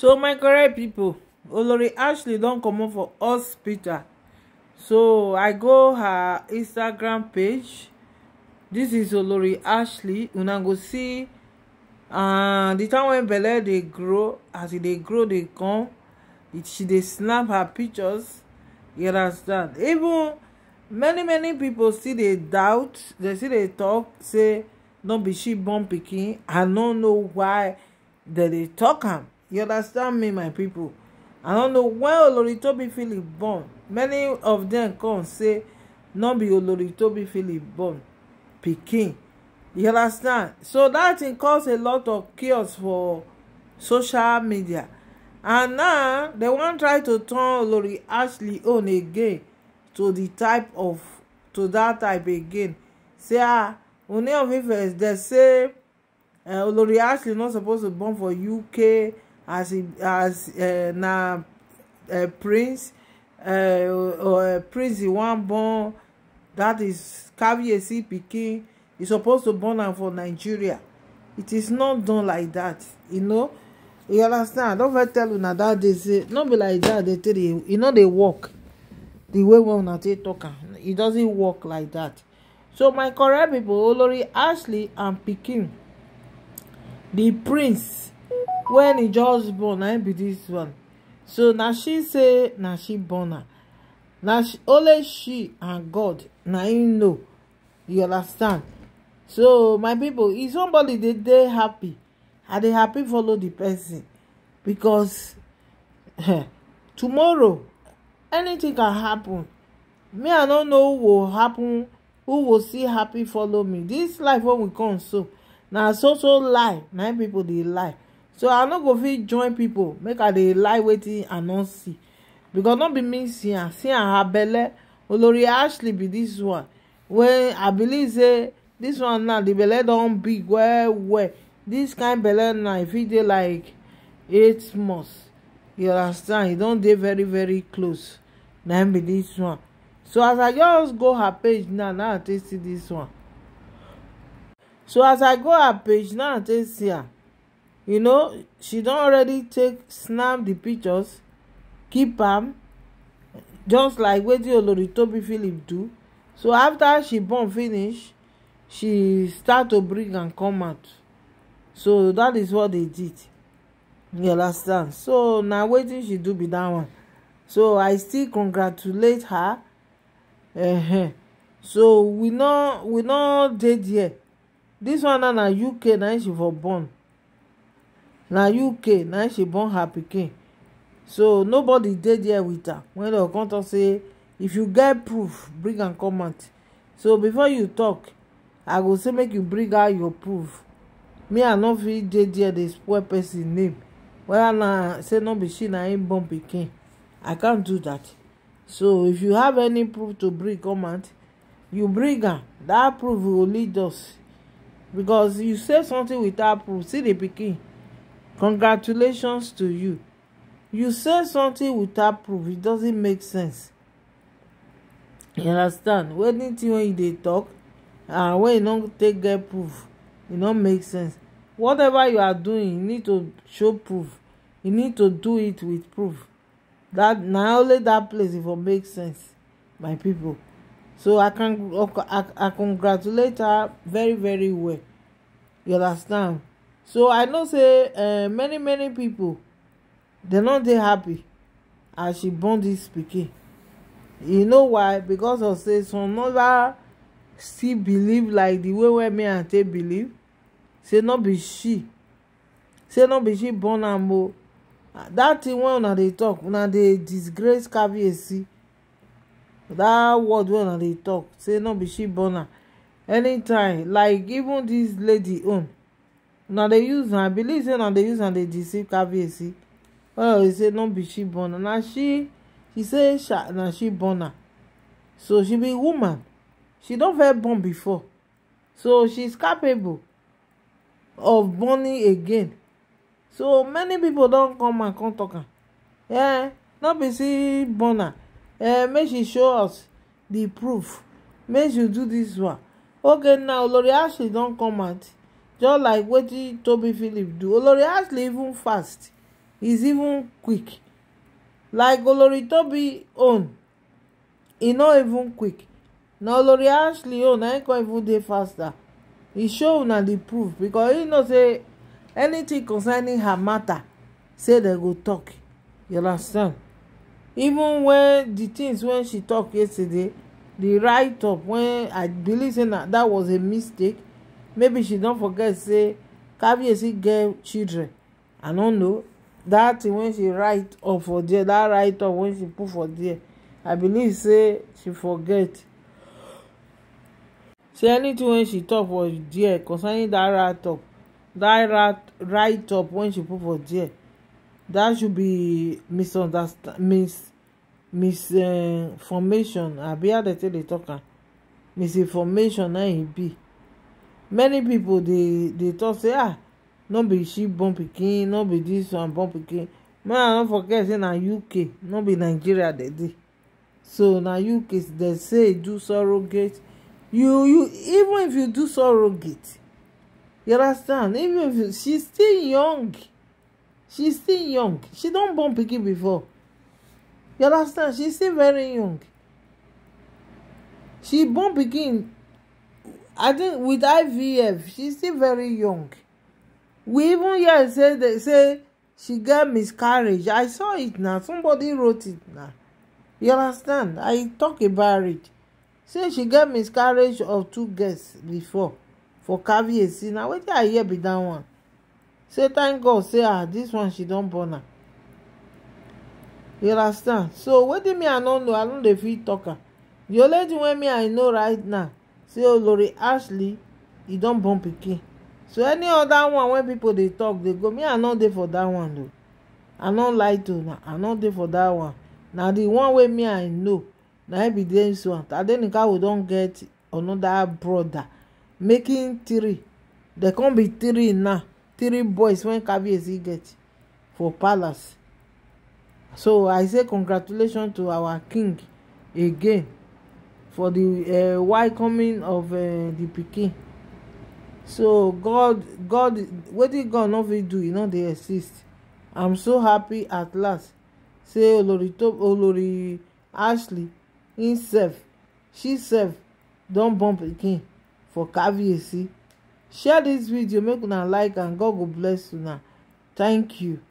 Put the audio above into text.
so my correct people, olori ashley don comot for hospital so i go her instagram page This is olori ashley una go see uh, the time when belle dey grow as e dey grow dey come It she dey snap her pictures you understand even many many people still dey doubt They still dey talk. say no be she born pikin i no know why they dey talk am you understand me my people. i don't know wen oloritobi philip born many of them come say "Not be oloritobi philip born pikin you understand so that thing caused a lot of chaos for social media and now dem wan try to turn olori ashley on again to the type of to that type again say ah one of dem say eh, olori ashley not supposed to born for uk as as uh, na uh, prince uh, eh, or prince e wan born that is kabiyesi pikin e suppose to born am for nigeria it is not done like that you know you understand i don first tell una that day say no be like that dey take dey e no dey work the way wey una take talk am e doesn't work like that so my correct people olori ashley and pikin the prince When he just born na be this one so na she say na she born her na only she and god na him know you understand so my people, if somebody dey dey happy i dey happy follow the person because eh, tomorrow anything can happen me i no know who go happen who go see happy follow me This life wey we come so na so so lie na people dey lie so i no go fit join pipo make i dey lie wetin i no see Because no be me see am see am her belle olori ashley be dis one wey i believe say dis one now di belle don big well well dis kain belle now e fit dey like eight months you understand e don dey very very close na im be dis one so as i just go her page now now i take see dis one so as i go her page now i take see her you know she don already take snap the pictures keep am just like wetin oloritobi philip do so after she born finish she start to bring am come out so that is what they did you understand so na wetin she do be dat one so i still congratulate her uh -huh. so we no we no dey there This one na na uk na she for born na uk na she born her pikin so nobody dey there with her When dem come tok say if you get proof bring am come out so before you talk, i go say make you bring out your proof me i no fit dey there dey spoil person name Well na say no be she na im born pikin i can't do that so if you have any proof to bring come out you bring am that proof go lead us because you say something without proof see the pikin congratulations to you you say something without proof it doesn't make sense you understand When wey you talk and when you don't take get proof it don't make sense whatever you are doing you need to show proof you need to do it with proof that na only that place e for make sense my people so i can I, I congratulate her very very well you understand so i know say uh, many many people, dem no dey happy as she born dis pikin you know why because of say some nova still believe like the way wey me and take believe say no be she say no be she born am o That thing wey una dey talk una dey disgrace caviesi That word wey una dey talk say no be she born am anytime like even this lady own una dey use am i believe say una dey use am dey deceive kabiyesi well he say no be she born am na she she say sha na she born am so she be woman she don first born before so she is capable of borning again so many pipo don come and come tok am eh no be say born am eh make she show us di proof make she do this one okay now olori ashley don come out just like wetin Toby philip do olori ashley even fast he's even quick like olori Toby own he no even quick na olori ashley own na him come even dey faster He show una the proof because he know say anything concerning her matter say they go talk you understand even when the things when she talk yesterday the write up when i believe say na that was a mistake maybe she don forget say kabiyesi get children i no know that thing wey she write up for there that write up wey she put for there i believe say she forget say anything wey she talk for there concerning that write up that write, write up wey she put for there that should be misunderstand mis misinformation uh, abi how dem take dey talk am misinformation na im e be many pipo dey dey talk say ah no be she born pikin no be dis one born pikin make i no forget say na uk no be nigeria dey dey so na uk dey say do surrogate you you even if you do surrogate you understand even if you she still young she still young she don born pikin before you understand she still very young she born pikin I think with IVF, she's still very young. We even hear say they say she got miscarriage. I saw it now. Somebody wrote it now. You understand? I talk about it. Say she got miscarriage of two girls before for Kabiyesi. Now wetin I hear be that one. Say thank God say ah this one she don't born am. You understand? So wetin me I no know, I know dey fit talk am. The only thing wey me I know right now say olori oh, ashley e don born pikin so any oda one wey pipo dey tok dey go me i no dey for dat one o i no lie to na i no dey for dat one na di one wey me i know na ebi be dis one adenikawo don get anoda broda making three dem come be three now three boys wey kabiyesi get for palace so i say congratulations to our king again for the uh, welcoming of uh, the pikin so god god wetin god no fit do e no dey exist i'm so happy at last say olori to olori ashley himself she sef don born pikin for kabiyesi share this video make una like and god go bless una thank you.